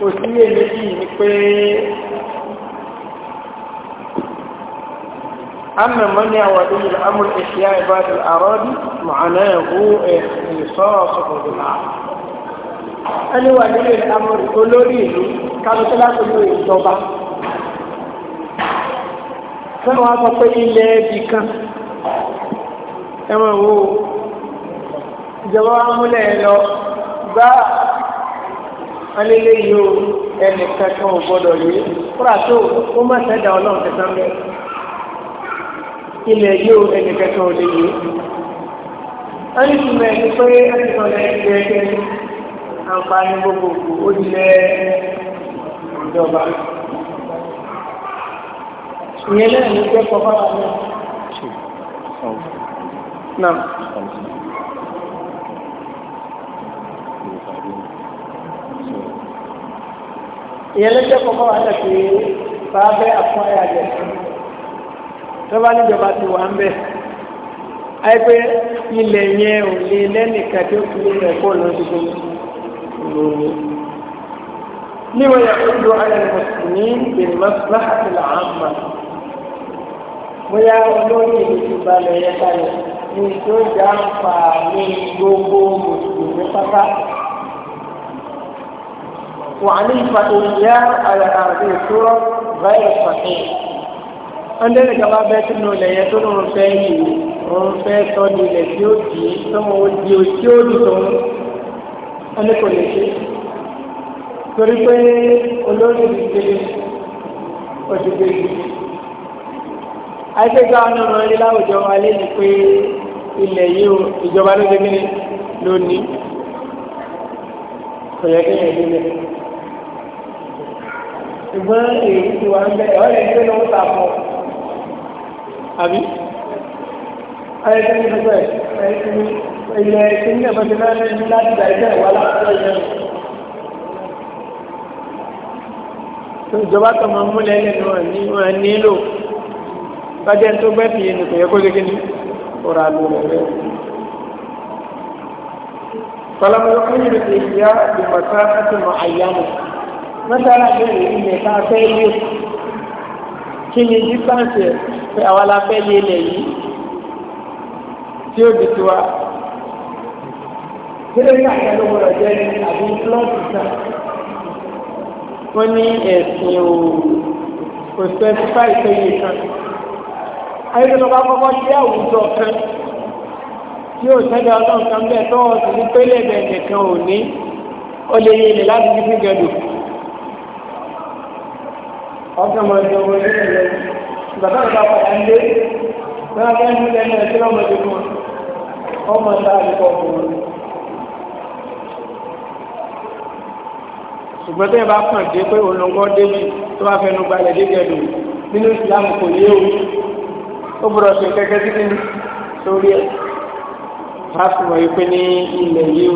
kò sí èyí yìí ni pé أما من يعودي الأمر إحياء عباد الأراضي معناه إخصاصه بالعقل ẹni wà nílé ìdámọ́rí olórí ìlú kálukẹ́lá pẹ̀lú ìjọba fẹ́ràn wá alele yìí o ẹnì kankan ò gbọdọ̀ yìí kúrò àti ó má sẹ́dá ọlọ́run kankan bẹ́ẹ̀ ilẹ̀ yìí o ẹnì kankan ò lè yìí. ẹni tí mo ẹni pé ẹni tó lẹ ẹgbẹ́ ẹgbẹ́ àǹfààní gbogbogbò ó di lẹ ìjọba. ìyẹn náà ló jẹ́ kọ́ fáwọn náà. ìyẹn ló jẹ́ kọ́kọ́ wà lẹ́kì fàábẹ́ àfọ́n ẹ̀ àjẹ́ tó bá níjọba ti wà ń bẹ̀ àìpé ilẹ̀ yẹn ò lè lẹ́nìkan tí ó fi lé rẹ̀ kó lọ́dún tó lòlò níwọ̀n yà ó lo ayé mùsùlùmí bèrè mọ́sùlá àti làámà bóyá olóyè ìlú ti balẹ̀ yẹ kalẹ̀ ní tó jà gbogbo mùsùlùmí pátá. وعنيف إياه على هذه الصورة غير صحيح ọdẹ́rẹ̀ gaba bẹ́ẹ̀ tí mo lẹ̀yẹ tó lóun fẹ́ yìí òun fẹ́ sọ ní ilẹ̀ tí ó di tọ́mọ di òtí ó di tòun ẹni kò lè ṣe torí pé olórí ìdílé òdìgbò ìdílé àìsèjọ àwọn ọmọ ilé láwùjọ wa lé ní pé ilẹ̀ yìí o ìjọba ló gbé lónìí kò yẹ kí ẹ̀ dé lẹ́yìn. ṣùgbọ́n èyí ti wà ń bẹ ọ̀rẹ́ ẹgbẹ́ ló ń ta fún àbí ọ̀rẹ́ ẹgbẹ́ ní gbogbo ẹ̀ ilẹ̀ ẹ̀sìn ní ẹ̀fọ́ ti náà ní láti gbà ẹgbẹ́ ìwà látọ̀ ìjọ tó ìjọba tó máa múlẹ̀ ẹlẹ́ ni wọ́n ní wọ́n nílò bájẹ́ tó gbẹ́ fi ẹni kò yẹ kó lé kíní ọ̀rọ̀ àlù rẹ̀ kọlọmọlọmọ yìí lè ṣe ìyá ìmọ̀ta àti ìmọ̀ àyà nìkan mọ́sálà bẹ̀rẹ̀ ilẹ̀ tá a fẹ́ lé kí ni dípáǹsì pé àwa la fẹ́ lé ilẹ̀ yìí tí ó di tiwa kílẹ̀ ní àkàlẹ̀ wọ̀rọ̀ jẹ́ ní àbí plọ́ọ̀tì kan wọ́n ní ẹ̀sìn ò kò sẹ́sífà ìfẹ́yẹ kan ayélujára bá kọ́kọ́ sí àwùjọ kan tí yóò sẹ́dọ̀ ọlọ́run kan bẹ́ẹ̀ tọ́wọ́ sí ní pélébẹ̀ẹ́ nìkan ò ní ó lè yé ilẹ̀ láti fi fi gẹ̀dùn ọ̀sán mọ̀ ẹ̀jẹ̀ ọmọ ilé ẹ̀rẹ́ ìgbàtà ìgbà padà ń dé náà bá ń mú lẹ́nu ẹ̀sẹ̀ ọmọ ẹ̀jẹ̀ fún ọmọ ta àdìpọ̀ fún wọn. ṣùgbọ́n tẹ́yìn bá kàn dé pé olùkọ́ débi tó bá fẹnu gbalẹ̀ débi ẹ̀dùn nínú ìsìlámù kò yé o ó bọ̀rọ̀ sí kẹ́kẹ́ sí kí ni sórí ẹ̀ bá fi pé ní ilẹ̀ yìí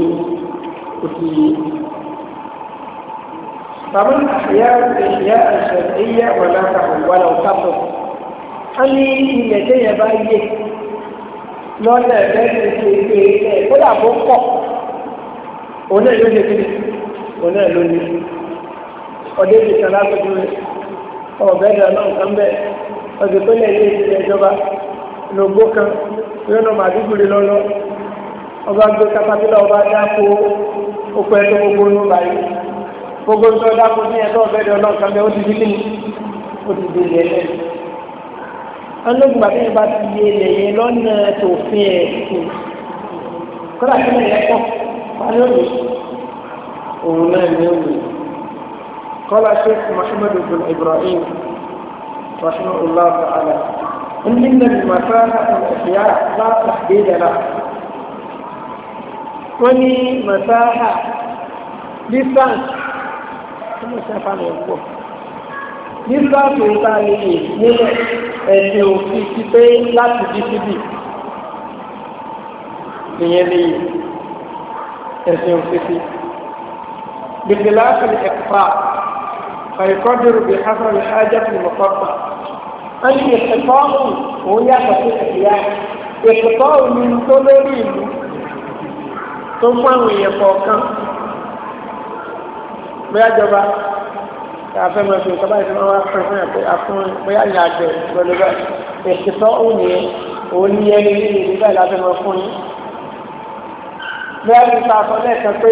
o kò sì فمن أحياء إحياء شرعية ولا تحول ولو كفر أني إن جاي بايك lọ́nà ẹ̀fẹ́ ti ṣe pé ẹ̀ kódà bó pọ̀ òun náà ló lè fi òun náà ló ní ọdẹ ti sàn lágbègbè rẹ̀ ọ̀bẹ ẹ̀dá náà kan bẹ́ẹ̀ ọ̀sẹ̀ tó lẹ̀ lé ìṣẹ̀lẹ̀ ìjọba lògbó kan lọ́nà màdúgbòrè lọ́lọ́ ọba gbé kápákílà ọba dáko ó pẹ́ tó gbogbo ní báyìí gbogbo ń tọ́ dáko ní ẹ̀tọ́ ọ̀bẹ̀dẹ̀ ọlọ́ọ̀kan bẹ́ẹ̀ ó ti di kíni ó ti di ilẹ̀ lẹ́yìn. ọlọ́gbà bí wọ́n bá ti yé ilẹ̀ yẹn lọ́nà tòfin ẹ̀ kọ́lá tí wọ́n yẹ pọ̀ wálé òun náà ní òní. kọ́lá sheikh muhammadu bin ibrahim rahimahullah ta'ala ń ní nàbì màsáà ìyá láti gbé dara wọ́n ní màsáà distance mọ̀sáfàmì pọ̀ nígbà tó ta lè nílẹ̀ ẹni òfin ti pé láti bí síbì ìyẹn lè ẹ̀sìn òfin sí bìtìlá fìlì ẹ̀kpà فيقدر بحسب الحاجة المقطع أي اقتطاع هو يحصل أحياء اقتطاع من طول الريم ثم هو bóyá jọba àfẹ́ mọ̀ fún ìkọ́bá ìfẹ́ wọn fún fún ẹ̀pẹ́ àfún bóyá ìyá àgbẹ̀ lọ́lọ́ bá ìṣẹ̀tọ́ òun yẹn òun ní ẹni ní ìlú báyìí láfẹ́ mọ̀ fún yín. bóyá nípa àfọ lẹ́ẹ̀kan pé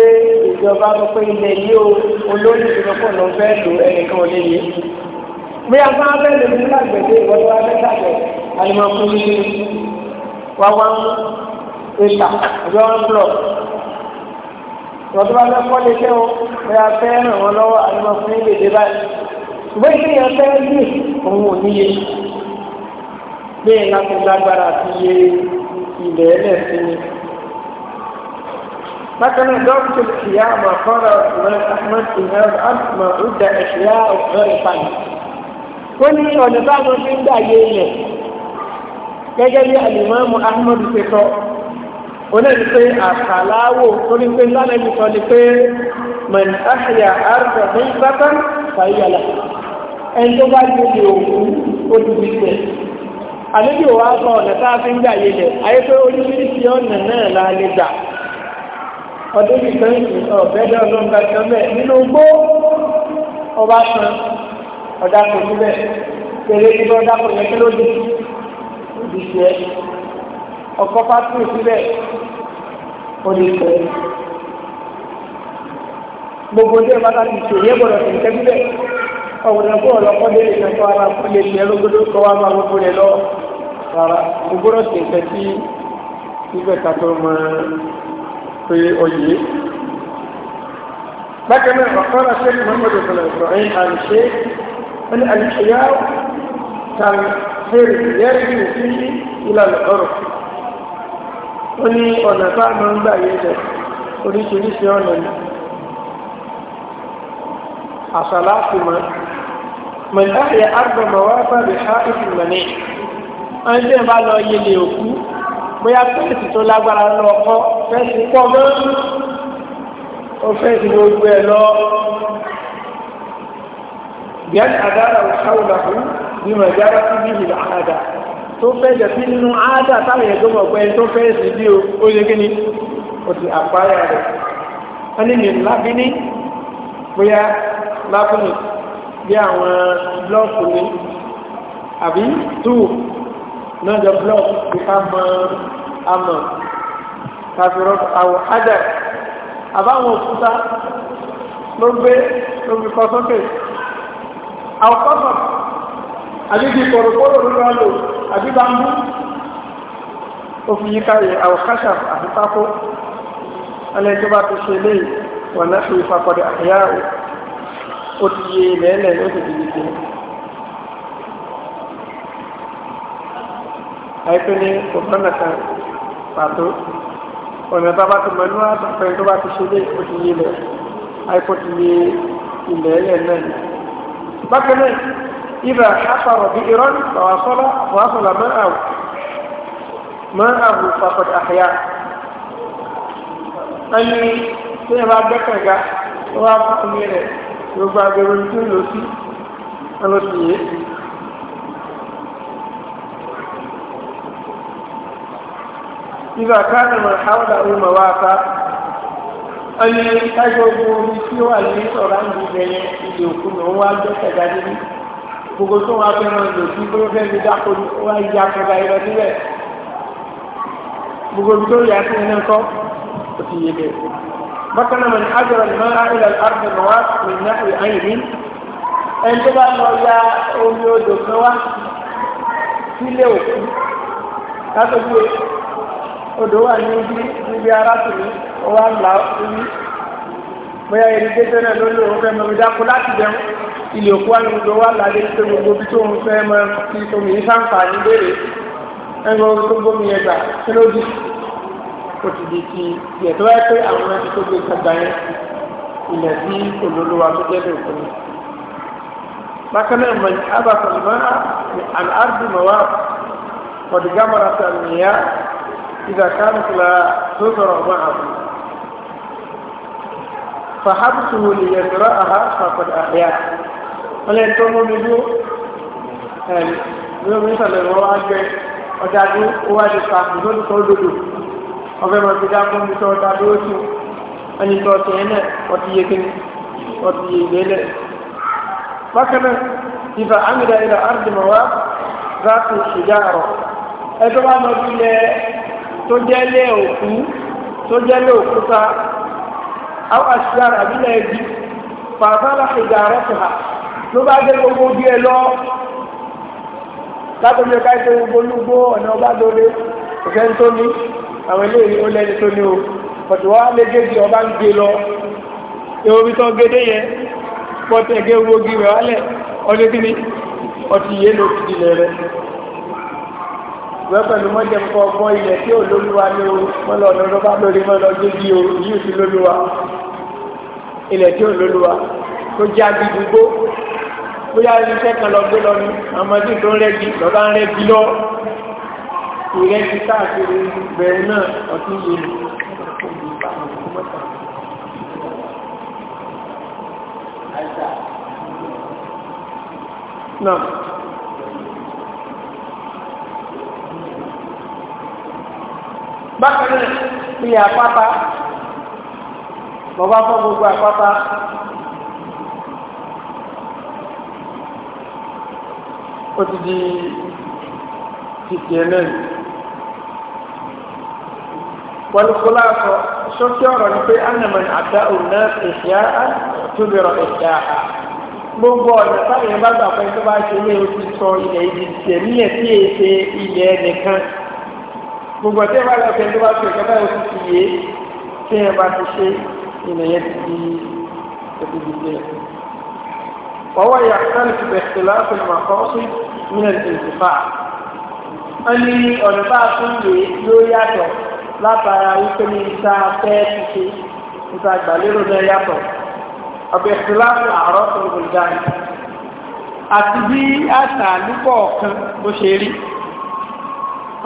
ìjọba sọ pé ilẹ̀ yìí o olórí ìjọba pọ̀ lọ fẹ́ lò ẹnìkan ò lè yé. bóyá fún abẹ́ lè lágbẹ̀dẹ ìwọ́n wá fẹ́ wọ́n tó bá fẹ́ kọ́ lé tẹ́ o pé a fẹ́ ràn wọ́n lọ́wọ́ àdúgbò fún ilé ìdè báyìí ṣùgbọ́n ìdí yẹn fẹ́ rí òun ò níye bẹ́ẹ̀ láti lágbára àti iye ilẹ̀ ẹlẹ́sìn ni. لكن دورة القيامة قال عثمان أحمد في هذا الأمر ما عد أشياء غير فن كل شيء بعد من دعينه كجل الإمام أحمد في صوت onáni pé àkàláwò torí pé lánàá ibi sọ ni pé mẹ̀n àṣìyà àrùbọ̀ ní sábà fàyàlà ẹni tó bá gbé ní òkú ó ti di tẹ̀. àlejò wa sọ ọ̀nà tá a fi ń gbà yé lẹ̀ ayé pé oríṣiríṣi ọ̀nà náà la lè gbà. ọdún yìí kan ọ̀bẹ́dẹ́ ọlọ́run kankan bẹ́ẹ̀ nínú gbó ọba kan ọ̀dà kò níbẹ̀ tẹ̀lé ibi ọ̀dà kò yẹ ọkọ̀ pátó síbẹ̀ oníṣẹ́ gbogbo ní ẹ̀ka láti ṣe yẹ gbọ́dọ̀ sí ìtẹ́gbẹ́ ọ̀gbọ̀dọ̀ fún ọ̀lọ́kọ́ délé ní ẹ̀kọ́ ara fún lè tiẹ̀ lógódó kọ́ wá máa gbogbo rẹ̀ lọ rárá gbogbo rẹ̀ sì ń fẹ́ sí ìfẹ́ ká tó mọ pé ọyẹ. bákan náà ọ̀kan rà sẹ́ni muhammadu sọ̀rọ̀ ìfọ̀hìn àìṣe ẹni àìṣe yá tàn fèrè yẹ́rì ní ìlànà ọ̀rọ̀ ó ní ọ̀nà tá a máa ń gbà yé jẹ oríṣiríṣi ọ̀nà ni àṣàláàfù mọ́ mọ̀láyà àgbọ̀mọ̀ wá bàbí ha ìfìmọ̀lẹ́ wọ́n ń dẹ́n bá lọ yẹlẹ̀ òkú bóyá fẹ́ẹ̀sì tó lágbára lọ kọ́ fẹ́ẹ̀sì pọ̀ mọ́ ó fẹ́ẹ̀sì gbogbo ẹ̀ lọ bí a ní àdára òṣàwùlà fún bí mọ̀ jára sí bí ìlà àdá tó fẹ́ jẹ sí nínú áádà táwọn èèyàn tó mọ̀ pé tó fẹ́ sí bí o ó ṣe kí ni ó ti àpárá rẹ̀ wọ́n ní lè lábí ní bóyá lábùnì bí àwọn blọ́ọ̀kù ni àbí túù náà jọ blọ́ọ̀kù tí ká mọ amọ̀ kàfìrọ̀ àwọ̀ ájà àbáwọn òkúta ló gbé ló fi kọ sókè àwọ̀ kọ́sọ̀ àbí ti kọ̀rọ̀kọ́rọ̀ ló lọ́lọ́ àbí bambú òfin yíká yẹ àwòkáṣà àti pákó alẹ́ tó bá ti ṣe lé wọ̀n náà fi ìfapọ̀dọ̀ àyà ó ti yé lẹ́lẹ̀ ló ti dìbì dé àìpé ní òfúrọ́nà kan pàtó ọ̀nà bá bá ti mọ̀ níwọ̀n àtàkùn tó bá ti ṣe lé ó ti yé lẹ̀ àìpó إذا حفر بئرا فوصل واصل ماءه ماءه فقد أحياه أني سيما بكك وابق منه يبادر الجلوس الوسيء إذا كان من حوله موافق أني أجوبه بسوى اللي صرانه بين يكون هو الجسد gbogbo tó wọn fẹ́ wọn lò sí gbogbo fẹ́ mi dáko ní wọn yí akọba yìí lọ síbẹ̀ gbogbo tó yà sí ẹni kọ́ ó ti yé bẹ́ẹ̀. bákan náà ní àjọrò ní máa ń ilẹ̀ àrùn ìmọ̀ wá ní náà ní àyìn ní ẹni tó bá lọ ya omi odò kan wá sílé òkú látọ̀jú odò wà ní ibi arákùnrin ó wá ń là ó bóyá irrigation náà ló lò ó fẹ́ mọ mi dáko láti dẹ̀hún ilé òkú àlùmọ̀dọ̀ wà lálé tó gbogbo bí tóun fẹ́ mọ ti omi yìí sáǹfààní léèrè ẹgbẹ́ orí tó gbómi yẹn gbà kí ló dì kò sì di ti yẹ tó wáyé pé àwọn ẹni tó gbé gbàgbà yẹn ilẹ̀ sí olólùwà tó jẹ́ òkú ni. bákan náà mọ̀ ní abàtà mọ́ àlárùbí mọ̀ wá ọ̀dùgámọ̀ràn sàmìyà ìdàkánù fúlà tó sọ̀rọ̀ ọ̀gbọ́n àbúrò. فحبسه ليقرأها فقد أحياه ولا ينتموا منه ní omi sọ̀lẹ̀ ìwọ̀n wá jẹ́ ọ̀dájú wájú pa ìlóòdù tó lòdù ọ̀fẹ́ mọ̀ sí dákú ní sọ ọ̀dájú ó tún ẹni tó ọ̀tẹ̀ ẹ̀nẹ̀ ọ̀tí yé kíní ọ̀tí yé ìgbélẹ̀. bákan náà ìfà àmìdá ilẹ̀ àrùdìmọ̀ wá ráàtù ìṣèjà àrọ̀ ẹjọ́ bá mọ sí ilẹ̀ tó jẹ́ lé òkú tó jẹ́ lé òkúta àwọn àṣìṣàrà àbílẹ̀ ẹbí fàbálà ìgbà àrọ́sùn ha ló bá jẹ́ gbogbo bí ẹ lọ látọ̀jú ẹ̀ka ìṣe gbogbo olúgbó ọ̀nà ọba lóore òfẹ́ ń tó ní àwọn eléyìí ó lẹ́ni tó ní o pọ̀tùwá lẹ́gẹ́gì ọba ń gbé lọ ewobi tó gédé yẹ pọ̀tẹ̀gẹ́ gbogbo rẹ̀ wálẹ̀ ọdún kíní ọtí yé ló fi dilẹ̀ rẹ̀ wọ́n pẹ̀lú mọ́jẹ́ kọ́ ọgbọ́n ilẹ̀ tí ò lóluwa ní o mọ́lọ ọ̀dọ́dọ́ bá lórí mọ́lọ gidi o yìí ti lóluwa ilẹ̀ tí ò lóluwa tó já bí dùgbò bóyá irinṣẹ́ kan lọ gbé lọ ní amadu tó ń rẹ́gi lọ́ba ń rẹ́gi lọ ìrẹsì káàkiri bẹ̀rù náà ọtún yé mi. náà. bákan náà ilẹ̀ àpáta bàbá fọ́ gbogbo àpáta ó ti di títí ẹlẹ́yìn pẹ̀lú kólásọ sókè ọ̀rọ̀ ni pé anamọ̀ àdá òun náà ìṣẹ́ á tóbi rọ̀ ìṣẹ́ á gbogbo ọ̀nà táwọn yẹn bá gbà pé tó bá ṣe ilé oṣù sọ ilẹ̀ ibi tiẹ̀ nílẹ̀ tí èsè ilẹ̀ nìkan gbogbo ọtí ẹ̀fà lọ́kẹ́ tó bá fi ẹ̀kọ́ báyìí oṣù ti yé tí ẹ̀ bá ti ṣe ìnà yẹn ti di ẹ̀kú gbígbé ẹ̀. ọwọ́ ìyá sáré ti bẹ̀rẹ̀ láti máa kọ́ sí mílẹ̀ twenty five. wọ́n ní ọ̀nà bá a tún lè lórí yàtọ̀ látara wípé ní ìta fẹ́ ti ṣe ìta gbàlérò náà yàtọ̀. ọ̀bẹ̀ ti láti àárọ̀ tó gbòdì àti bí àṣà àlùkọ̀ọ̀kan bó ṣe rí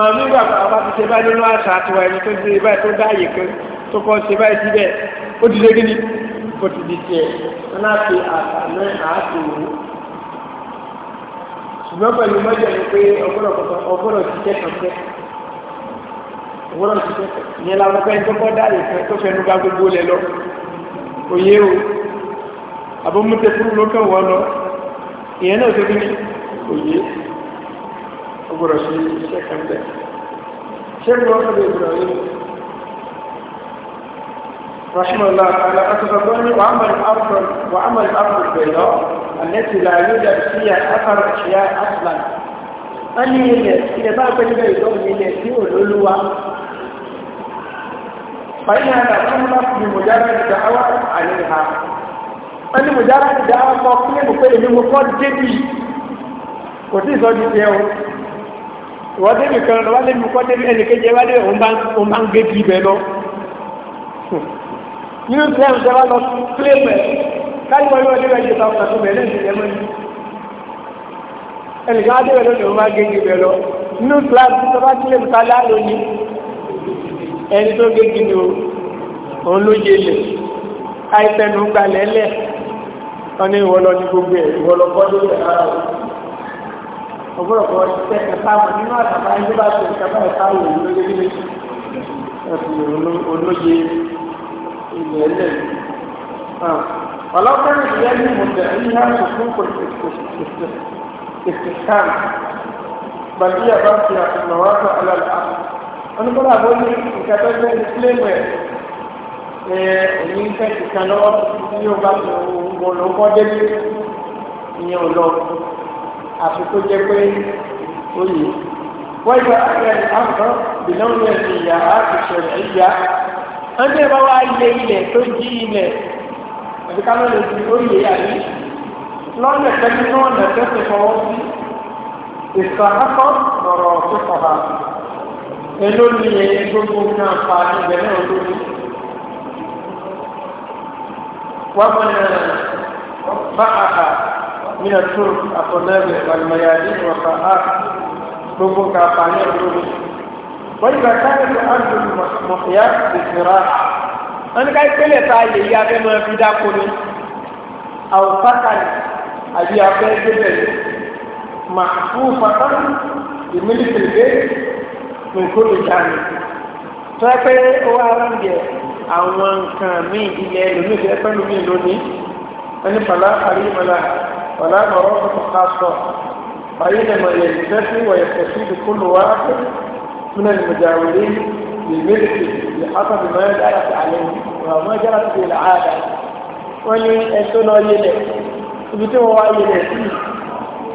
àwọn nígbà kan bá ti ṣe báyìí nínú àṣà àtiwá ẹni tó ṣe báyìí tó dáàyè kan tó kọ́ ṣe báyìí síbẹ̀ ó ti lé gíní ó ti di tiẹ̀ láti àṣà náà àti òwò ṣùgbọ́n pẹ̀lú mọ́jọ ni pé ọgbọ́dọ̀ ti kẹ́kọ̀ọ́ òwúrọ̀ ṣiṣẹ́ ìyẹn làwọn fẹ́ tó kọ́ dáre fẹ́ tó fẹ́ nuga gbogbo o àbọ̀mútẹ́kùrú ìyẹn náà tó bí òye gbọ́dọ̀ ṣe iṣẹ́ kan bẹ̀ ṣé kí wọ́n fẹ́ gbọ́dọ̀ yìí رحمه الله تعالى أتفضلني وعمل أفضل وعمل أفضل بيضاء التي لا يوجد فيها أثر أشياء أصلا wọ́n ní ilẹ̀ ilẹ̀ bá pẹ́ níbẹ̀ ìlọ́wọ́ ní ilẹ̀ tí ò lólúwa. Fàyínà àgbà tí wọ́n bá fi mùjára ti dá wá àlè ha. Wọ́n wọ́n débi kan lọ wọ́n débi kọ́ débi ẹnìkejì wọ́n débi òun bá ń gbé bí ibẹ̀ lọ. nínú tí wọ́n ń sẹ́wọ́n lọ sílé mẹ́ káyọ̀ wọ́n yóò débi ẹ̀jẹ̀ sáwọn àti mẹ́lẹ́ ìṣẹ̀lẹ̀ mọ́ ni. ẹnìkan wọ́n débi lónìí òun bá gbé bí ibẹ̀ lọ. nínú kíláàsì tó bá sílé mi kálá lónìí ẹni tó gbé bí ni òun ló yé lẹ̀ àìsàn ìwọlọ ní gbogbo ẹ̀ ìwọlọ kọ́ lórí ẹ̀ ọgbọ́dọ̀ kọ́ ṣiṣẹ́ ẹ̀ka mọ̀ nínú àtàbà ẹgbẹ́ bá tó ẹ̀ka bá ẹ̀ka wò ó lóye nílé ẹ̀sùn olóye ilẹ̀ ẹlẹ́ ọlọ́pẹ́rẹ́ ìyá ní mọ̀tẹ́ ìyá tuntun kò ìsìnkàn bàbí àbá fi àtùnàwá tó alàlà wọn bọ́dọ̀ ní nǹkan tó ní ọba tó ń àti kó jẹ́ pé ó yẹ. wọ́n yọ ẹ̀rọ àǹkan bìlọ́ọ̀nù ẹ̀sìn ìyá àti ìṣẹ̀lẹ̀ ìyá. wọ́n tẹ́ bá wá ilé ilẹ̀ tó jí ilẹ̀ àti káwọn lè fi ó àyè. lọ́nà tẹ́lú náà tẹ́sí fọwọ́ sí ìsàn akọ́ ọ̀rọ̀ tó kọ̀ọ̀bà. èló ni ẹ̀yẹ gbogbo náà fa ibẹ̀ náà lórí. wọ́n mọ̀ náà bá àbá من الترك الطنابع والميادين والقاعات ربك قانع ربك وإذا كانت الأرض محياة بالزراعة أنا قاعد كل ساعة يا أخي ما في داكوني أو سكن أبي أبي جبل محفوفة بملك البيت من كل جانب فأبي وأرنجي àwọn nǹkan míì ilẹ̀ ẹlòmíì fẹ́ pẹ́lú mi lónìí ẹni fàlà àríwá láàrín ولا مرافق خاصة بينما يلتفي ويستفيد كل واحد من المجاورين لملكه بحسب ما جرت عليه وما جرت به العادة ولي أسنى يلي سبتي هو يلي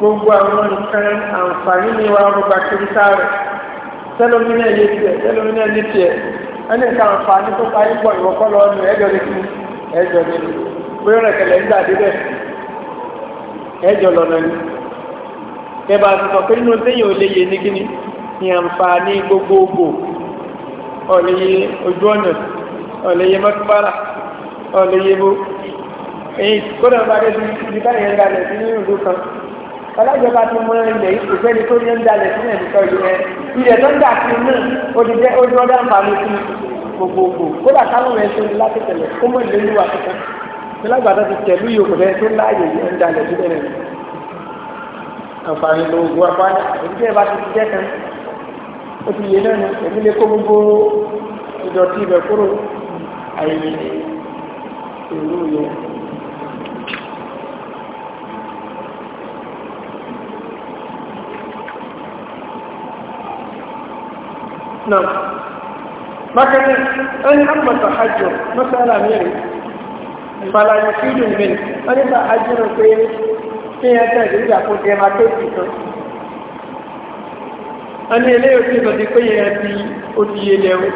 gbogbo àwọn nǹkan àǹfààní ni wa gbogbo àkiri sáré tẹlómìnà ilé tiẹ̀ tẹlómìnà ilé tiẹ̀ ẹni nǹkan àǹfààní tó parí pọ̀ ìwọ́kọ́ lọ́nu ẹ̀jọ̀ lè fi ẹ̀jọ̀ lè fi bóyá rẹ̀ kẹlẹ̀ ń gbà débẹ̀ ẹjọ́ lọ́nà ni ẹbà ti sọ pé nínú téyàn ò lè yé ní kíni ní àǹfààní gbogbogbò ọ̀lẹ́yẹ ojú ọ̀nà ọ̀lẹ́yẹ mọ́túbárà ọ̀lẹ́yẹ bó èyí kódà bá dé sí ibi báyìí ń dalẹ̀ sí nínú ìlú kan alájọba ti mọ ilẹ̀ yìí kò fẹ́ni tó yẹ ń dalẹ̀ sí nàìjíríà yìí ẹ ilẹ̀ tó ń dà sí náà ó jẹ́ ojú ọ̀dà àǹfààní sí gbogbogbò kódà kálọ̀ rẹ̀ ṣe láti tẹ̀lẹ̀ nílágbàtà ti tẹ̀lú yòókù rẹ tó láàyè yìí ń dalẹ̀ sí bẹ̀rẹ̀ ni àǹfààní lo oògùn àpáyà èdè bá ti jẹ́ kan ó ti yé lẹ́nu èmi lè kó gbogbo ìdọ̀tí ibẹ̀ kúrò àyè ìlú yẹn. náà bákan náà ẹni àgbàtà hajj mọ́sálà mẹ́rin fàlàyé fídù mi wọ́n nígbà ajínú pé kí ẹ tẹ̀lé ìjà kó jẹ máa tó ti tán wọ́n ní ilé òfin ìtọ́ ti pé yẹn ti odiyé lẹ́wọ́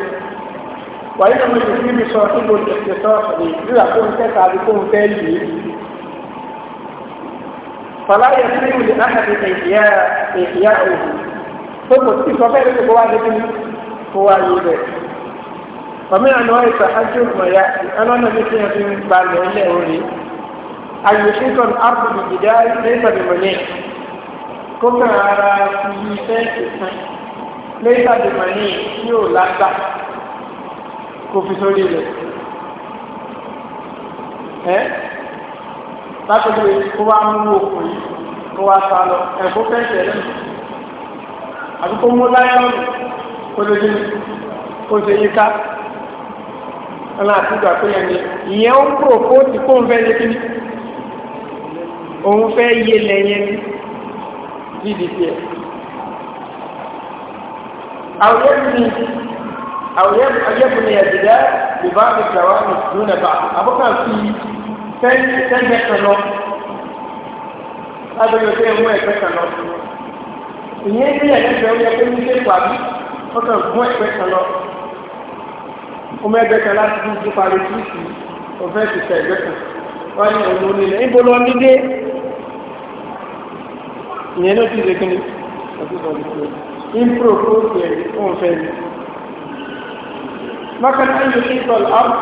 wàyí náà mo sì fi mi sọ níbo tẹ̀sẹ̀ sọ́ọ̀sì ní ìdúrà tó ń tẹ́ka àbí tó ń fẹ́ lè fàlàyé fídù lè náà ti tẹ̀yà tó kò sí sọ fẹ́ẹ́ ọmọ ìlànà wọn ìtọ ajé òkùnmọ̀yà ẹlọ́nà mi fi hàn fi ń gba lọ ilé orí ayòṣìkan ápùlù ìdíjà lẹ́sọ̀ ìmọ̀lẹ́ kókàn ara fi iṣẹ́ ìsìn lẹ́sọ̀ ìmọ̀lẹ́ yóò lágbà kò fi sórí rẹ̀ ẹ́ látọ̀gbé kó wá mú òkú yìí kó wá sá lọ ẹ̀kọ́ fẹ́ẹ̀sẹ̀ rẹ̀ àbíkó mú láyọ̀ kó lójú kó ṣe yíká ọlọ́run àtúndà tó yẹn ni ìyẹn ń pò kó ti kó ń fẹ́ yé kí ni òun fẹ́ yé lẹ́yìn ní gdp ẹ̀. àwòyẹ́bùnì ẹ̀dìdá ìbá àbẹ̀tàwà lónàbà àbúkà fi fẹ́ẹ̀fẹ́ kan lọ lábẹ́lẹ́ pé mú ẹ̀fẹ́ kan lọ ìyẹn ní ẹ̀fẹ́ ó yẹ pé ní ṣe pàbí ó kàn mú ẹ̀fẹ́ kan lọ ọmọ ẹgbẹ́ kan láti fún ti parí tíìsì ọ̀fẹ́ ti fẹ́ ẹgbẹ́ kan wọ́n ní ọ̀nà onílẹ̀ níbo lọ nídé ìyẹn ló ti ṣe kíni impro kóòtù ẹ̀ fún ọ̀fẹ́ mi. mọ́kànlá yóò ṣe ìtọ́lù áwù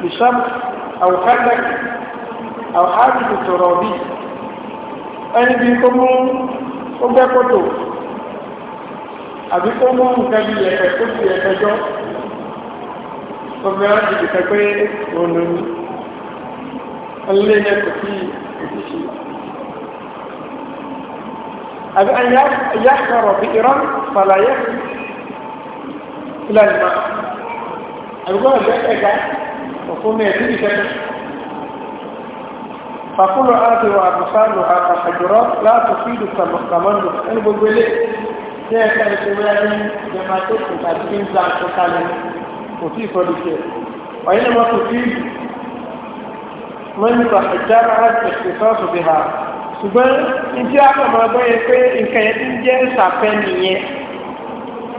bishop àwòkálẹ̀ àwòkálẹ̀ tòrọ̀ bí ẹni bí kó mú ó gbẹ́ kótó àbí kó mú nǹkan bí ẹ̀fẹ̀ kó ti ẹ̀fẹ̀ jọ obìnrin ti bìtẹ́ pé òun ló ní ọlọ́lẹ́ yẹn kò sí òsì ṣe àbí ayá sọ̀rọ̀ bí ìran fàlàyé ilẹ̀ ìmọ̀ àbí gbọ́dọ̀ bẹ́ẹ̀ ẹ̀dí bìtẹ́ pé فكل آتي وأبصارها كحجرات لا تفيد التملك ẹni gbogbo ilé tí ẹ̀ka ìṣòro ẹni jẹmató tàbí ń kò tí ìsọ́lù ṣe ọ̀yẹ́ ma kò tí mọ́nìkà ìjára ìṣẹ́sọ́sù bí ha ṣùgbọ́n ìdí àkàmọ́ ọgbọ́n yẹn pé nǹkan yẹn ti ń jẹ́ ìṣàfẹ́ nìyẹn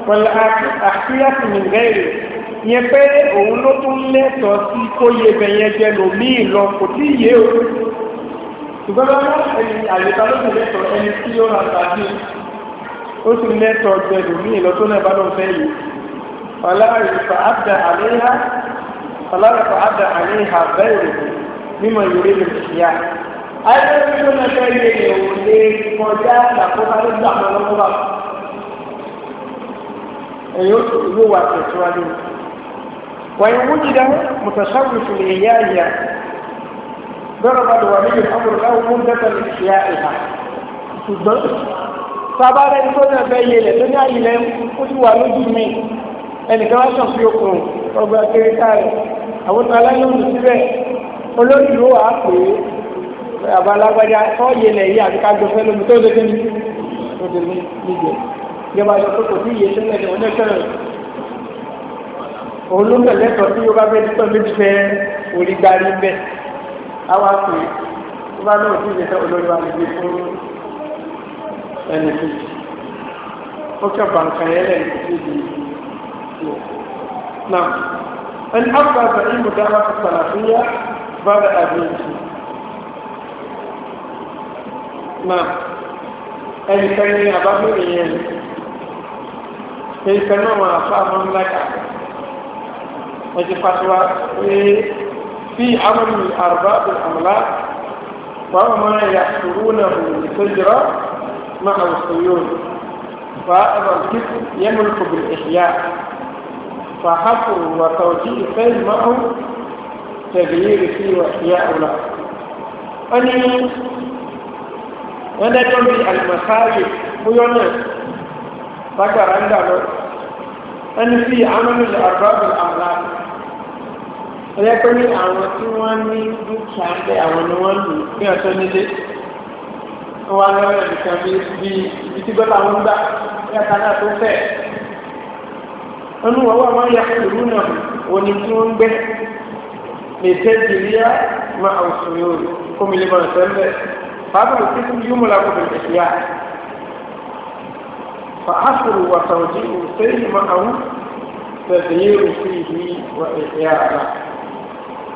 pẹ̀lú àkíyàsí nìgbẹ́rẹ̀ yẹn pé òun ló tún lẹ́tọ̀ọ́ sí kó yẹ bẹ̀yẹn jẹ lòmíì lọ kò tí ì yé o ṣùgbọ́n lọ́wọ́ ẹni àyíká ló ti lẹ́tọ̀ ẹni tí ó ra tàbí ó sì lẹ́tọ̀ gbẹ̀dùn ní ìlọ́tọ́nà ìbálòpẹ́ yìí فلا يتعدى عليها فلا يتعدى عليها غيره مما يريد الاشياء أيضا يقولون شيء يقولون فجاء لقد أردت من المرض يقول هو كسوالي وإن وجد متصرف لإيايا ضرب الولي الأمر له مدة لإحيائها فبعد أن كنا بيّلة لنا إلى أدوى نجمين ẹnìkan wá sàn fi okùn ọgbà kiri káàrẹ̀ àwọn tó aláyọ̀nù síbẹ̀ olórí ìlú wà á pè é àbá alágbájá ọ̀yẹ̀ lẹ̀ yí àti kájọ fẹ́ lómi tó dédé ní òde mi níjẹ̀ yọba sọ pé kò sí iye sílẹ̀ ní ọjọ́ kẹrẹ̀ òun ló bẹ̀rẹ̀ lẹ́tọ̀ọ́ sí yorùbá bẹ́ẹ̀ nípa méjì fẹ́ orí gbárí bẹ́ẹ̀ àwa pè é bá náà sí ìyẹn olórí wa lè gbé fún ẹnì ó kẹ́ bàǹkà yẹn lẹ́yìn kejì yìí. نعم الأربع زعيم الجامعة السلفية بعد أبيتي نعم أي كان يضعه إيان أي كان ما أصاب من لك فتوى في عمل الأربع بالأملاك وما يحصرونه بالفجرة مع الصيون فأيضا الكفر يملك بالإحياء فحفر وتوجيه خير تغيير في وحياء له أني أنا جنبي المساجد بيونا ذكر عندنا أن في عمل الأرباب الأملاك ẹ̀yẹ́ pé ní àwọn tí wọ́n ní dúkìá ń bẹ àwọn ni wọ́n lù ní ọ̀tọ́ nílé wọ́n wá lọ́rẹ̀ nìkan bí ibi tí gbọ́dọ̀ àwọn gbà ní náà tó fẹ́ẹ̀ ẹnu wọn wà máa yàtọ̀ ìlú náà òní tí wọ́n ń gbẹ́ lè tẹ́ ìdílé máa àwùsùn yóò kó mi lè máa sẹ́ńbẹ̀ bàbá òkè tí yóò mọ̀lá kó bẹ̀rẹ̀ sí yá فحصر وتوجيه السير معه تغيير فيه وإحياء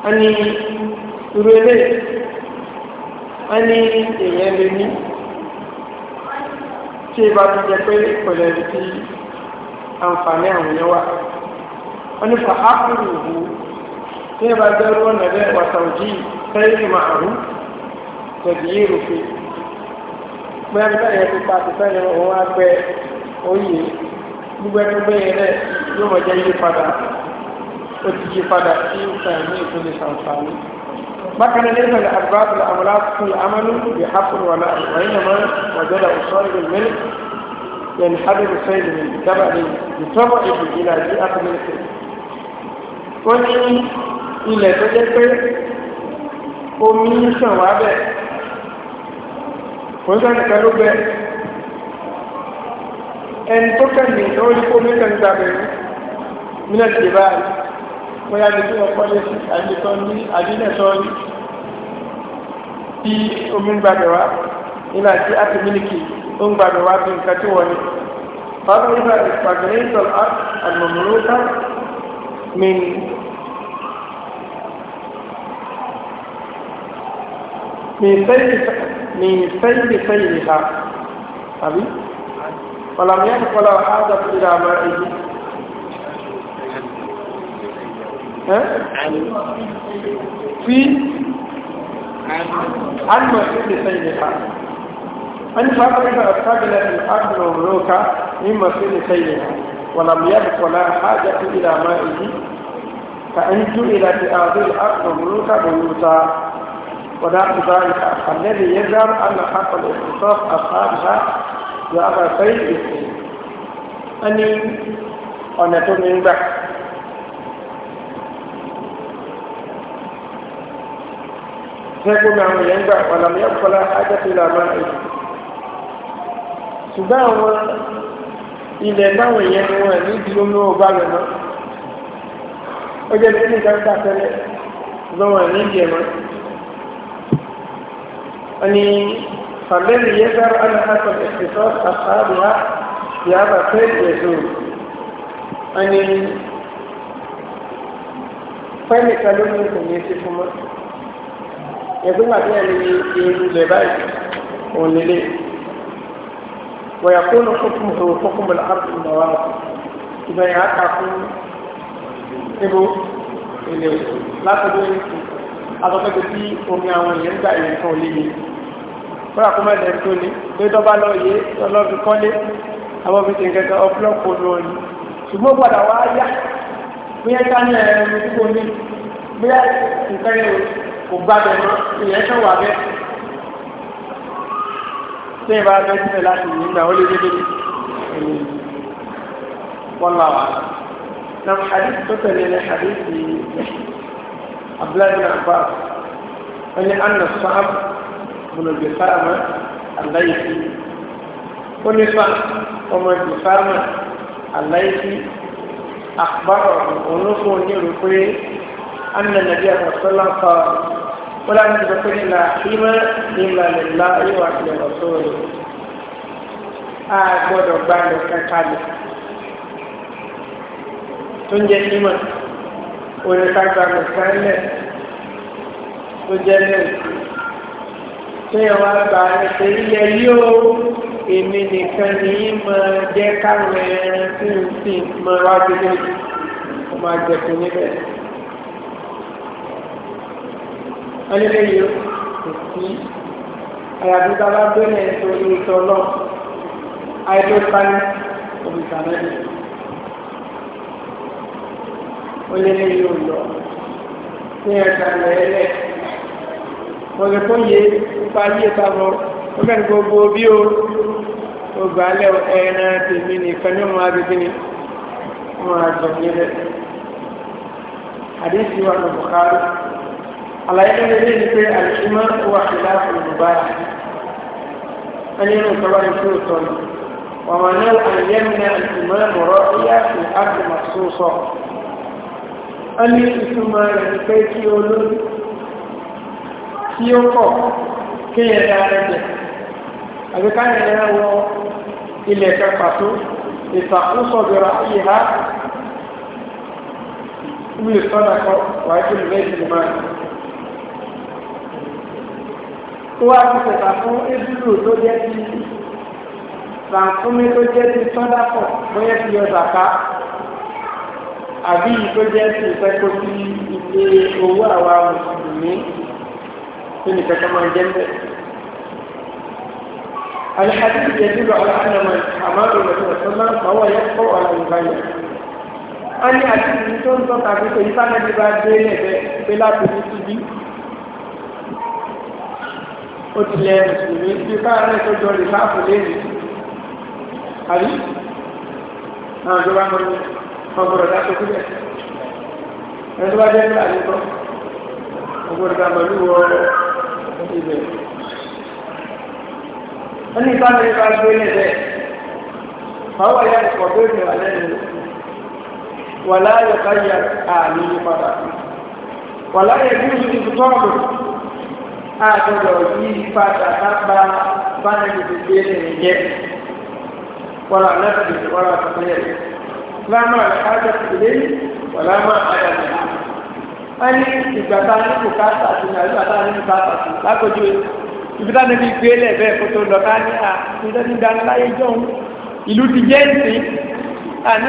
أني ìrẹ̀lẹ̀ ẹni èèyàn lè ní tí ìbá àǹfààní àwọn yẹn wà wọ́n ní fa ápùlù ìlú tí ẹ bá jẹ́ rú ọ̀nà bẹ́ẹ̀ wàtàwùjì fẹ́ẹ́rì màrún tẹ̀bí yìí rúfe bóyá bí báyìí ti pa àti sẹ́yìn òun á gbẹ oyè gbogbo ẹni bẹ́ẹ̀ rẹ̀ yóò mọ̀ jẹ́ yí padà ó ti yí padà sí nǹkan ní ìpínlẹ̀ sàǹfààní. بكر ليس لأسباب الأملاك في عمل بحفر ولا وإنما وجد أصول الملك ينحدر الصيد من تبع بطبع إلى بيئة من الصيد wọ́n ní ilẹ̀ tó jẹ́ pé omi ń sàn wá bẹ̀ kò sẹ́nìkan ló bẹ ẹni tó kẹ́mì tó rí omi kan gbà bẹ̀rẹ̀ mílẹ̀ tì báyìí wọ́n yá ní kí wọ́n kọ́lé sí àdìtọ́ ní àdínẹ̀tọ́ ní tí omi ń gbà bẹ̀ wá nígbà tí a ti mílíkì yìí ó ń gbàgbé wá bí nǹkan tí wọ́n ní. fáwọn ìfà ìpàgẹ́rẹ́sọ̀ àlùmọ́lùkà mi من سيد من سيد سيدها أبي ولم يكن ولا حاجة إلى مائه في عن مسجد سيدها أن تقرب القبلة في الأرض مملوكة من مصير سيدنا ولم يبق لا حاجة إلى مائه فأن إلى هذه الأرض مملوكة بيوتا وداخل ذلك الذي يزعم أن حق الاختصاص أصحابها سيد الشيء أني أنا تؤمن به سيكون عمليا ينبع ولم يبق لها حاجة إلى مائه ṣùgbọ́n àwọn ilẹ̀ báwọn èèyàn ni wọ́n ní ìdílé omi ọba rẹ̀ mọ́ ó jẹ́ bí nǹkan gbà tẹ́lẹ̀ lọ́wọ́ ní ìdílé mọ́ wọ́n ní fàbẹ́lì yẹn sáré aláàtọ̀ ìṣẹ̀tọ́ àṣàrò wa yà á bà fẹ́ ìyẹ̀sọ wọ́n ní fẹ́ẹ̀lì kaló ní kò ní ṣe fún mọ́ ẹ̀dùn àti ẹ̀lẹ́yìn ìrù lẹ̀ báyìí òun lélẹ́yìn. ويكون حكمه حكم الأرض الموارد إذا يعتقد ibo ilé látọjú ẹnìkú azọpẹ́tẹ̀ tí omi àwọn èèyàn gbà èèyàn kan lè yé fúra kó mẹ́lẹ̀ tó ní pé dọ́bá lọ yé ọlọ́fi kọ́lé abọ́fi ti nǹkan kan ọ̀pọ̀lọpọ̀ lọ ni ṣùgbọ́n padà wá yá bóyá ká ní ẹ̀rọ mi tí kò ní bóyá nǹkan yẹn kò gbàgbẹ́ mọ́ èèyàn kan wà bẹ́ẹ̀ tí ìbá bẹ́ sílẹ̀ láti nígbà ó lè dédé wọ́lá wa na hadith tó tẹ̀lé ní hadith abdullahi bin abbas wọ́n ní anna sa'ab bin bisama alayhi ó ní sa ọmọ bisama alayhi akbar òun ló fún ní rò anna nabi sallallahu alaihi ولا نسبة إلا قيمة إلا لله ولرسوله a gbọ́dọ̀ gba ẹnìkan kalẹ̀ tó ń jẹ nímọ̀ oníkàgbà nìkan lẹ tó jẹ lẹ́yìn tó yẹ wá gba ẹsẹ̀ ilẹ̀ yóò èmi nìkan ní í mọ jẹ káwọn ẹran tí n sì mọ wá gbé lójú ọmọ àgbẹ̀kùn níbẹ̀. wọ́n lé lẹ́yìn kò sí àyàfi tá a bá gbé lẹ́yìn tó ní ìtọ́ lọ àìtó sáré omi sàrẹ́ lè wọ́n lé lẹ́yìn ò lọ ní ẹ̀ka lẹ́lẹ̀ wọ́n lè kó yé ipa yé ta lọ wọ́n kẹ́ni gbogbo bí o gbogbo alẹ́ ẹran tèmi nìkan ní ọmọ agbègbè ni wọ́n á nílẹ̀ àdéhùn wa على يدين في الحمى هو خلاف المباح أن كبار سلطان ومنال أن يمنع الحمى مرائية في الأرض مخصوصة أن يسمى لكي تيولون سيوكو كي يتعرف أبي كان يناو إلي كفاتو لتقوص برأيها ويصدقوا ويكون ليس المعنى tó wá ti tẹ̀sà fún ébùdó tó jẹ́ ti sàǹfúnmi tó jẹ́ ti sọ́dápọ̀ bóyá ti yọ zàká àbí tó jẹ́ ti ìfẹ́kọ́ sí ilé owó àwa mùsùlùmí tó nìkan tó máa jẹ́ bẹ́ẹ̀. الحديث يدل على أن من حمار النبي صلى فهو يقرأ على المبين أن يأتي من تنطق بكل سنة بعد ذلك بلا تنسي ó ti lẹ mùsùlùmí bí káàárẹ̀ tó jọ lè láàbò léèrè àbí àwọn ìjọba mọ ní ọgbọ̀rọ̀ dáṣọ sílẹ̀ ẹni tó bá jẹ́ nílà ní kọ́ ọgbọ̀rọ̀ dà mọ̀lú wọ ibẹ̀ wọ́n ní ìbámu nípa gbé lẹ́sẹ̀ àwọn ọ̀yà ìkọ̀ tó ìdè wà lẹ́nu wà láyọ̀ wà láyọ̀ àgbọ̀dọ̀ yí padà lápá bánẹ́lì tó gbé ní ìjẹ́ wọ́n àlẹ́sì wọ́n àtúnyẹ̀ lámà àjọ ìdílé wọ́n lámà àjọ a ní ìgbà tá a ní kò ká sàtì ní àyíká tá a ní kò ká sàtì lágbójú ibi tá a níbi gbé lẹ́ẹ̀bẹ́ kótó lọ ká ní à nígbà tí dáná láyé jọ̀hún ìlú ti jẹ́ ìsìn à ní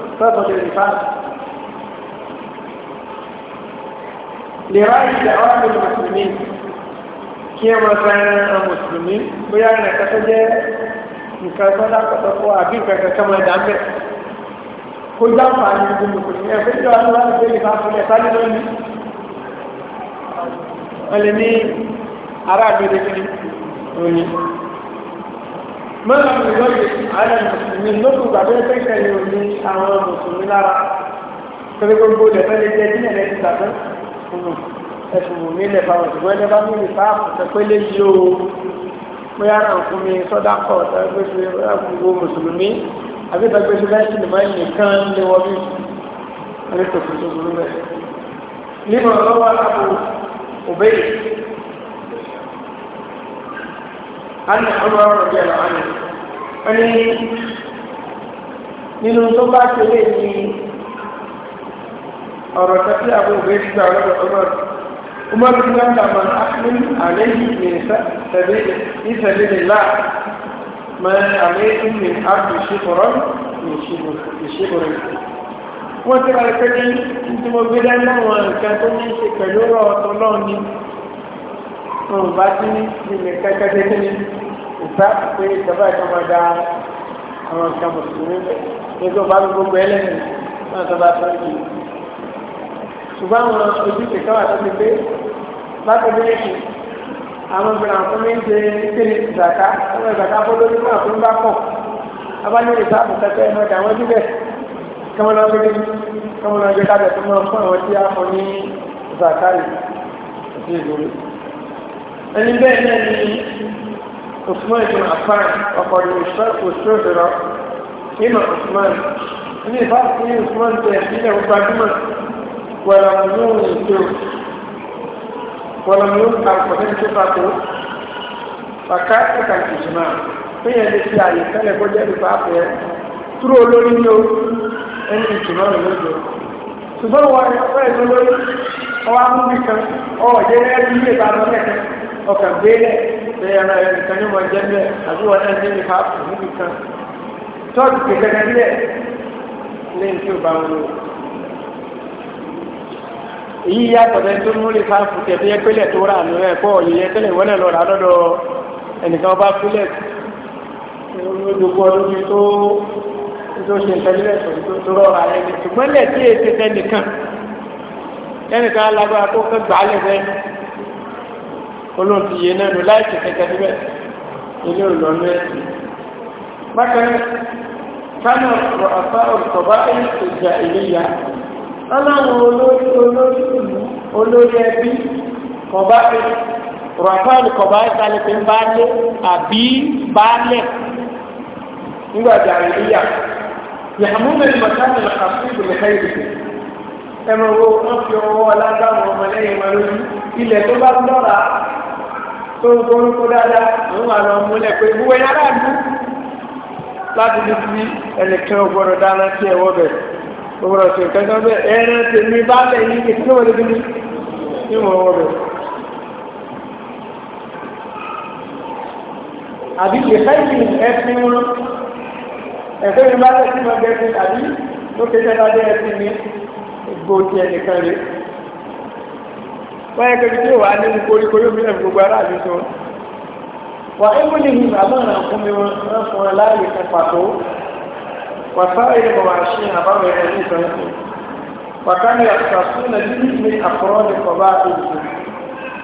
535 lèrà ìjà àwọn mùsùlùmí kí ẹ máa fẹ́ àwọn mùsùlùmí bóyá nǹkan tó jẹ́ nǹkan tó dákọ̀tọ̀ fún àbí nǹkan kankan máa dà mẹ́ kó jáfà ní gbogbo mùsùlùmí ẹ̀fẹ́ ìjọ àwọn láti gbé ìfà fún ẹ̀fà nínú ní wọ́n mọ́nà mi lọ́yẹ̀ ààrẹ mùsùlùmí lókùn gbàgbé pẹ́kẹ́ ni òní àwọn mùsùlùmí lára torí gbogbo lẹ́fẹ́ lè jẹ́ díẹ̀ lẹ́yìn gbàgbé fúnnù ẹ̀sùn wò mí lẹ́fà wọ̀ ṣùgbọ́n lẹ́fà mi lè fà àkùtẹ̀ pé lè yí o pé ara nǹkan mi sọ́dá kọ̀ tẹ́gbẹ́sẹ̀ gbogbo mùsùlùmí àbí tẹ́gbẹ́sẹ̀ lẹ́sìn ní máa nìkan lé wọ́n bí ẹni tó fi tó burú bẹ́ẹ̀. nígbà lọ́wọ́ àbò òbẹ́yì عن عمر رضي الله عنه أني nínú tó bá ṣe lè ní ọ̀rọ̀ tàbí àwọn òwe ṣígbà ọlọ́dọ̀ ọmọdé umar bin abdulman ahmed alayhi min sabilillah la ma alayhi min abdi shibran min shibran wọ́n ti ra ẹ̀kọ́ ní tí mo gbé dáná wọn nǹkan tó ní ṣe pẹ̀lú ni wọn bá ti ní ìsáàtì pé ìjọba ìjọba da àwọn nǹkan mùsùlùmí lẹ gbogbo bá gbogbo ẹlẹ́yìn náà tó bá tó ń yìí ṣùgbọ́n àwọn ojúṣe káwà tó ti pé lákòókò àwọn obìnrin àwọn fúnmi ń ṣe kéde ìzàká àwọn ìzàká fọlọ́rí fún àwọn fúnmi bá pọ̀ abáyé ìsáàbù kẹtẹ ẹ̀mọ́ ìdá àwọn ẹbíbẹ̀ kọmọlá gbẹgbẹ kọmọlá gbẹgbẹ kábẹ̀ tó máa fún àwọn ẹni bẹ́ẹ̀ náà ni Usman bin Affan ọkọ̀ ní òṣèrò ìmọ̀ Usman ní ìbáṣe ní Usman tẹ̀ sílẹ̀ gbajúmọ̀ wọ̀lọ̀mùnú ìjọ wọ̀lọ̀mùnú àkọ̀dẹ́ tó pàtó pàkà ìkà ìjìmá fẹ́yẹ̀ lè fi àyè tẹ́lẹ̀ bọ́jẹ́ ìfà àpẹ́ túrò olórí ní o ẹni ìjìmá rẹ̀ lójó ṣùgbọ́n wọn ẹ̀fẹ́ ìlú lórí ọwọ́ amúbi kan ọwọ́ jẹ́ ẹ̀rí ilé ṣe ẹran ẹnìkan ní wọn jẹ́ mẹ́ àbí wọn náà ní ìfà fún níbi kan tọ́ọ̀dù kẹ̀kẹ́ nílẹ̀ lẹ́yìn tí ó bá wọn lò èyí yàtọ̀ bẹ́ẹ̀ tó mú lè fà fún kẹ̀kẹ́ yẹ pélé tó rà nù ẹ̀ pọ̀ yìí yẹ tẹ́lẹ̀ wọ́n náà lọ rà lọ́dọ̀ ẹnìkan bá pélé lójúkọ lójú tó tó ṣe ìtẹ́lẹ̀ tó rọra ẹni ṣùgbọ́n lẹ́ẹ̀ tí èsì tẹ́nìkan tẹ́nìkan alágbára tó fẹ́ gbà á lẹ́fẹ̀ẹ́ olóhùn ti yé náà lò láìsí kẹkẹ níbẹ̀ ilé ò lọ́nà ẹ̀sìn bákan kánà rọ àfá olùkọ̀bá ìjà ìléyà aláwọn olórí olórí ìlú olórí ẹbí kọ̀bá rọ àfá olùkọ̀bá ìsàlẹ̀ pé ń bá lé àbí bá lẹ̀ nígbà jà ìléyà yàmúnà ìmọ̀tánà àfíì ìgbìmọ̀tá ìdìbò wo wọ́n fi ọwọ́ ọlá ọmọ lẹ́yìn ilẹ̀ tó bá ń dọ́ra tó ń korúkọ dáadáa àwọn àlọ́ múlẹ̀ pé ìbúwẹ̀ yàrá ìlú láti ní sí ẹnìkan ọgbọ́dọ̀ dáná sí ẹ̀wọ́ bẹ̀ ọgbọ́dọ̀ sí nǹkan tó bẹ̀ ẹran tèmi bá bẹ̀ yí kí bẹ̀. àbí wọ́n yẹ kẹ́kẹ́ tí wà á nínú koríko yóò mílẹ̀ gbogbo ará àlè sọ. wà á mú ní ìlú àbọ̀nà fún mi wọn fún wọn láàyè kan pàtó wà sáré ní bàbá ṣe àbáwọ̀ ẹ̀rọ ní ìtàn ẹ̀sìn wà ká ní àtúntà fún ní ní ìlú àkọ́rọ́ ní kọ̀ọ̀bá àdúgbò.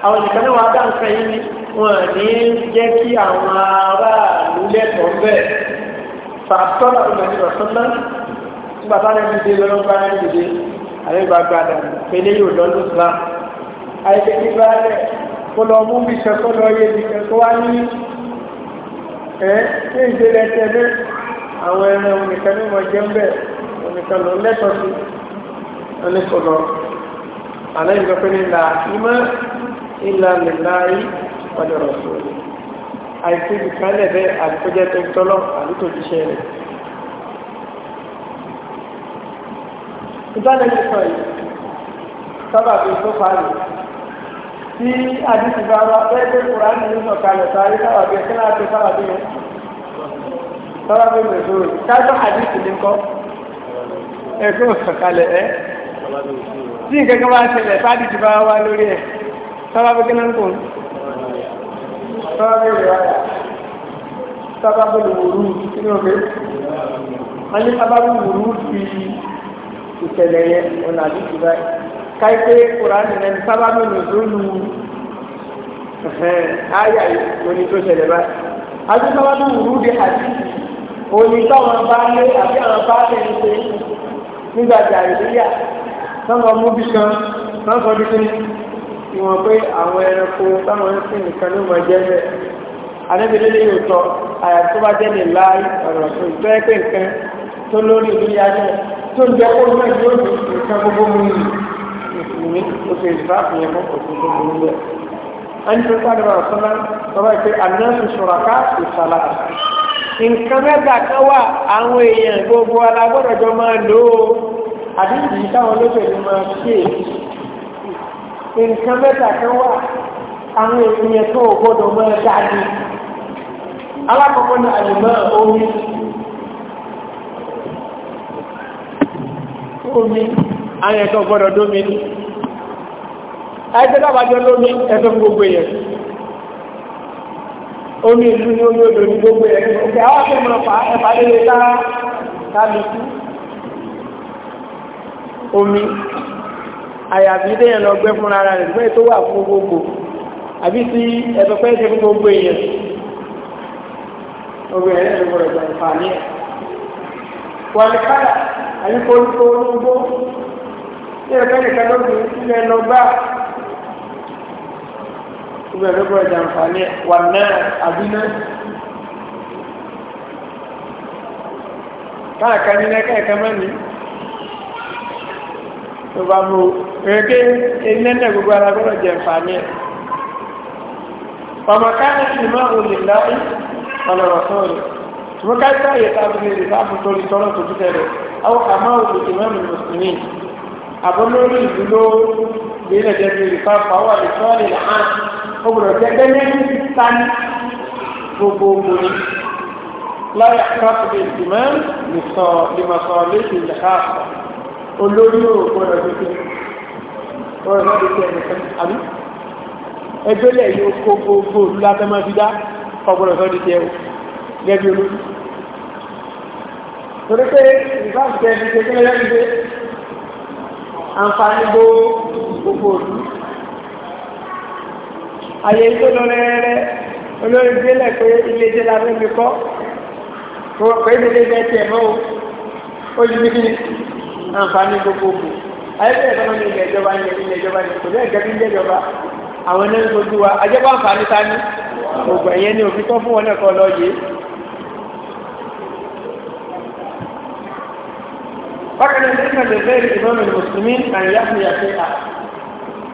àwọn ìkan náà wà á dá nǹkan yìí ni wọn ní jẹ́ kí àwọn aráàlú lẹ́tọ̀ọ́ bẹ́ẹ̀ fàtọ́lá ìgbàdí àìṣe ní báálẹ̀ kó lọ mú bí ṣe kó lọ yé bí ṣe tó wá ní ẹ́ ní ìdílé tẹ́lẹ̀ àwọn ẹran onìkan ní wọn jẹ́ ń bẹ̀ onìkan lọ lẹ́tọ̀ọ́ sí ẹni kò lọ àlẹ́ ìgbẹ́pẹ́ nílà àìsí ìdìkanlẹ̀ bẹ́ àdìkọjẹ́ tó ń tọ́lọ́ àdìkọjíṣẹ́ rẹ̀. ìbánilẹ̀ sọ yìí sábà fi tó parí tí àdìsí bá wá bẹ́ẹ̀ pé kùrá ní ìlú sọ̀kalẹ̀ sáré sábàbí ẹ̀ kíláà tó sábàbí yẹn sábàbí yẹn lòdò rẹ̀ kájọ́ àdìsí ní kọ́ ẹ̀kọ́ sọ̀kalẹ̀ ẹ̀ tí nǹkan kan bá ṣẹlẹ̀ sáàdì ti bá wá lórí ẹ̀ sábàbí kí náà ń kùn sábàbí rẹ̀ wáyà sábàbí lòwòrú ní sábàbí lòwòrú fi ìṣẹ̀lẹ̀ yẹn ọ̀nà àdìsí báyìí káyí ayà yìí oní tó ṣẹlẹ̀ báyìí adúgbò tó wùrú di àti oní táwọn bá lé àbí àwọn bá lè ń ṣe nígbà tí àìsíyà sọ́nà múbi kan sọ́nà fọ́dí sí ìwọ̀n pé àwọn ẹranko táwọn ń sìn nìkan ló máa jẹ́ bẹ́ẹ̀ anábìlélé yóò tọ́ àyà tó bá jẹ́ lè láàyè ọ̀rọ̀ tó ìfẹ́ pé nǹkan tó lórí ìlú yájẹ́ tó ń jẹ́ kó náà yóò ní nǹkan gbogbo mú ní ìsinmi ó ṣe ìfáàfin ẹ̀kọ́ òfin tó burú bẹ́ẹ̀ ẹni tó sáré bá sọ́lá sọ́lá pé ànáṣù ṣùràká ìṣàlá nǹkan mẹ́ta kan wà àwọn èèyàn gbogbo alágbọ́dọ̀ jọ máa lò ó àdíjì táwọn olóṣèlú máa ṣe nǹkan mẹ́ta kan wà àwọn èèyàn tó gbọ́dọ̀ máa dájú alákọ̀ọ́kọ́ ní àlùmọ́ omi omi àwọn gbọ́dọ̀ dómi ní ẹgbẹ́ dábàjọ́ lómi ẹ̀fẹ́ gbogbo yẹn omi ìlú ni omi odò ní gbogbo yẹn òkè àwọn akẹ́kọ̀ọ́ mọ̀ pa ẹ̀fà lè lè lára kálukú omi àyàfi déyàn lọ gbẹ́ fúnra rẹ̀ gbẹ́ tó wà fún gbogbo àbí tí ẹ̀fẹ́ fẹ́ ṣe fún gbogbo yẹn omi ẹ̀rẹ́ ló gbọ́dọ̀ gbà ìfàní ẹ̀ wàlúkàlà àyíkó olùkó olùgbó ní ẹ̀fẹ́ nìkan ló gbé sílẹ̀ lọ gbà gbogbo ẹ̀rọ gbọ́dọ̀ jàǹfààní wà náà àbínà káàkà ní lẹ́kẹ̀ẹ́kẹ́ mẹ́rin tó bá mú ẹgbẹ́ ẹ̀nẹ́nẹ́ gbogbo ara gbọ́dọ̀ jàǹfààní ẹ̀ pàmàkà ní ìmọ̀ olè láì ọ̀nà ọ̀sán rẹ̀ ṣùgbọ́n káàkà yẹ tábìlì rẹ̀ tábìlì tó rí tọ́rọ̀ tó tẹ̀ rẹ̀ àwọn àmọ́ olè ìmọ̀ mùsùlùmí àbọ̀lórí ìdúró bí ilẹ̀ jẹ́ bí ó gbọ́dọ̀ jẹ́ bẹ́lẹ́sì sísá ní gbogbogbò ní láyà káfíńsì ìgbìmọ̀ lè sọ ìmọ̀ sọ léṣe ìjàká àpọ̀ olórí ò gbọ́dọ̀ tètè ọ̀rọ̀ náà tètè ẹ̀nìkan àbí ẹgbẹ́ lẹ̀ yóò kó gbogbo òlú lábẹ́ máa fi dá ọgbọ́dọ̀ sọ olórí torí pé ìbáṣepẹ̀ ẹ̀nìkan lẹ́yìn pé àǹfààní gbogbo òlú àyè tó lọ rẹ́rẹ́ olórí gbélẹ̀ pé iléeṣẹ́ la fẹ́ mi kọ́ kò pé iléeṣẹ́ tiẹ̀ mọ́ o ó ju bí àǹfààní gbogbogbò ayé bẹ́ẹ̀ tọ́mọ ní ilẹ̀ ìjọba ní ilẹ̀ ìjọba ní kò bẹ́ẹ̀ gẹ́gẹ́ bí ìjọba àwọn náà ń sojú wa ajẹ́pọ̀ àǹfààní ta ní ògùn ẹ̀yẹ ni òfin tán fún wọn náà kọ́ lọ yìí. bákan náà ní ìkànnì bẹ́ẹ̀ ìmọ̀mù mùsùlùmí àyàfíà ṣe à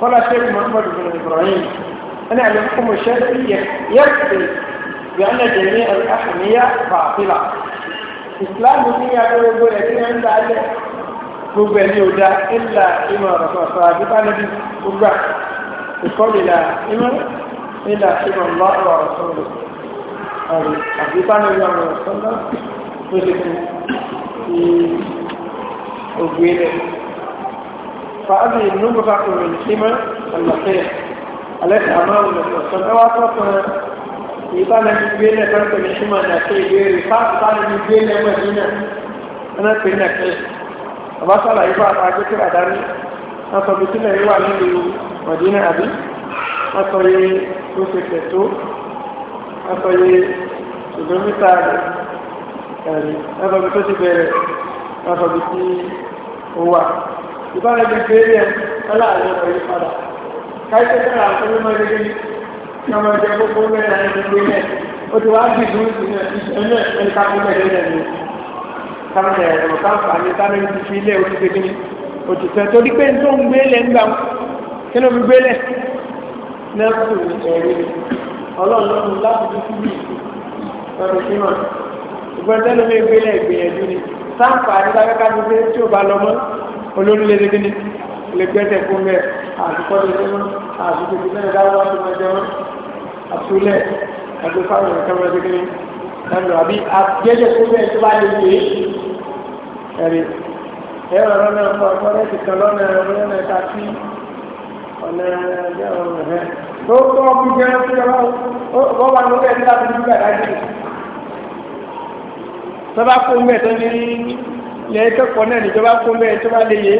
قال الشيخ محمد بن إبراهيم أنا أعلمكم الشافعية يكفي بأن جميع الأحمية باطلة إسلام الدنيا قالوا يقول لكن عند علي مبني ودا إلا إمام رسول الله صلى الله عليه وسلم قال نبي إلى إمام إلا إمام الله ورسوله أبيطان الله ورسوله وسلم وجدت في أبيله فهذه النبغة من حمى النصيح التي أمامنا الرسول أو أطلقها يبان من بين كانت من حمى النصيح غير خاص من بين مدينة أنا في كيس وصل إبعاد أجدر أداني أصبتنا إبعاد من مدينة أبي أصبتنا أصبتنا أصبتنا kìlómítà rẹ̀ ẹ̀rí ẹ̀fọ́bí tó ti bẹ̀rẹ̀ ẹ̀fọ́bí tí ó wà ìbára ibi bèèrè ẹ̀ aláàrẹ ọ̀rọ̀ ìpadà káyíkẹ́ sára àtúrú máa lè rí ọmọ ẹgbẹ́ gbogbo mẹ́rin àti gbogbo ilẹ̀ ó ti wá bí ìdúró sí ẹ̀nà ẹ̀ka fún ni káàmì ẹ̀rọ káàmì ní sáré ti fi ilé orí ṣe kíni òtítẹ́ torí pé tó ń gbélé ń gbà kí ló fi gbélé nẹ́ẹ̀kù ẹ̀rí ọlọ́run láti fi síbí ọ̀rọ̀ sí náà ìgbọ́n tẹ́lómi gbélé ìgbìyànjú ni sáǹfà ní sáfẹ́ká ti gbé tí ò bá lọ olórí lè dégé ní lè gbẹ́sẹ̀ fún mẹ́ àtúkọ́ lè dé wọn àtúkọ́ lè dé dáwọ́ àti mẹ́jọ wọn àtúlẹ̀ ẹgbẹ́ fáwọn ẹ̀kọ́ lè dégé ní ẹnu àbí àgbẹ́jẹ̀ fún mẹ́ tó bá lè dé ẹ̀rí ẹ̀rọ ọ̀rọ̀ náà kọ́ ọ̀rọ̀ ẹ̀sìn kan lọ́nà ẹ̀rọ náà ta sí ọ̀nà ẹ̀jẹ̀ ọ̀rọ̀ rẹ̀ tó tọ́ bí jẹ́ ọ̀rọ̀ wà lórí ẹ̀ lẹ́ẹ̀kẹ́kọ̀ọ́ náà níjọba kó mẹ́rin tó bá lè yé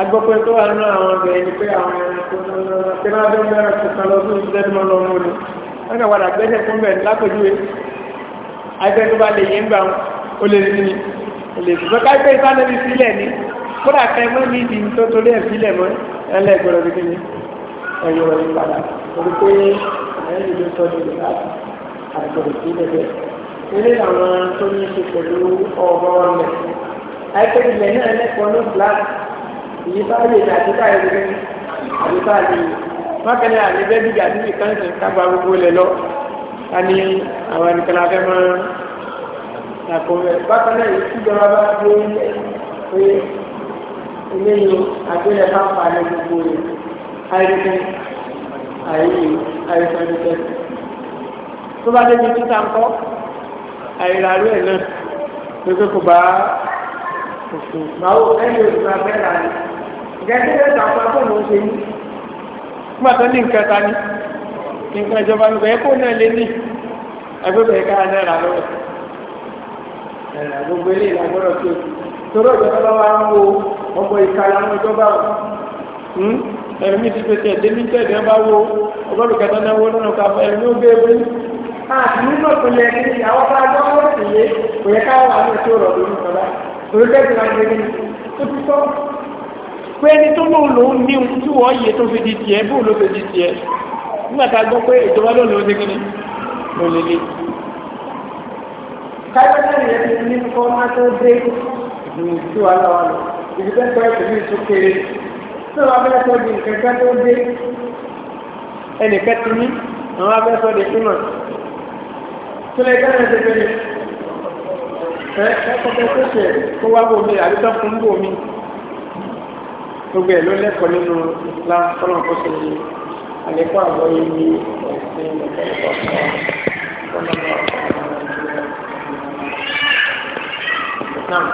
agbọ́pẹ́ tó wà nínú àwọn ọ̀bẹ̀ ẹni pé àwọn ẹranko náà pé náà bẹ́ẹ̀ mẹ́rin kò kan lọ sí ìṣẹ́jú mọ́ lọ́mú ni wọ́n náà wàdà gbẹ́sẹ̀ fún bẹ́ẹ̀ lápẹ̀júwe àìsẹ́ tó bá lè yé ń gbà ó lè rí ni ó lè sùn lọ́ka ilé àwọn tó ní ṣe pẹ̀lú ọ̀rọ̀ ọ̀lẹ̀ àìpẹ́bí ilẹ̀ náà lẹ́kọ̀ọ́ ní black èyí bá lè ní àti báyìí rí àti báyìí mákàlẹ́ àlébẹ́ bí gàdí bí kan sìn kábà gbogbo lẹ̀ lọ ká ní àwọn nìkan la fẹ́ máa àkọ́wẹ́ bákan náà yìí síjọba bá gbé pé ilé yìí àgbélẹ̀ bá pa ní gbogbo rẹ̀ àìríkẹ́ àìrí àìsàn ìtẹ́sí tó bá débi títà ń kọ́ àìrà rẹ̀ náà pé kò bá òfin máa ó ẹni òfin máa fẹ́ rà ní gẹ́gẹ́ bí ẹ̀ta ọ̀pá fóònù ó ṣe ní nígbà tó ní nǹkan ta ní nǹkan ìjọba ní bẹ́ẹ̀ fóònù náà lé ní agbẹ́bẹ̀ ká náà rà lọ́wọ́ gbogbo eléyìí la gbọ́dọ̀ tó torí ìjọba bá wà wo ọmọ ìkàlà ń jọba ẹ̀mí ti pèsè ẹ̀dẹ́mí tẹ̀dẹ́ bá wo ọgọ́rùn kẹta náà wọ́n náà kà fún ẹ̀mí ó gbé ebí àti nígbà tó yẹ kí àwọn bá gbọ́ wọ́n sì yé kò yẹ káwọn àwọn ètò ọ̀rọ̀ lórí ìjọba orílẹ̀-èdè máa gbé nínú tó ti sọ pé ẹni tó lóun lòun ní ohun tí wọ́n yẹ tó fi di tiẹ̀ bóun ló fi di tiẹ̀ nígbà tá a gbọ́ pé ìjọba lóun lòun ṣe kí ni lòun lè lè. káyọ̀dé yẹn ti ní kọ́ máa tó dé ìdùnnú sí wa lọ́wọ́ lọ ìdílé tó ẹ̀ tẹ̀lé tó kéré tó wà bẹ́ẹ̀ tó di nǹkan tó dé ẹnìkan ti ní àwọn abẹ́sọ̀ dẹ̀ fún kílẹ̀ kẹ́lẹ̀ ṣe fẹ́ ẹ kọ́kọ́ tó ṣe kó wá wò mí àdúgbò fún wò mí gbogbo ẹ̀ ló lẹ́kọ̀ọ́ nínú Islam kọ́nà kó ṣe ní àlékún àgbọ̀ yìí ní ẹ̀sìn ìgbàlódé ọ̀sán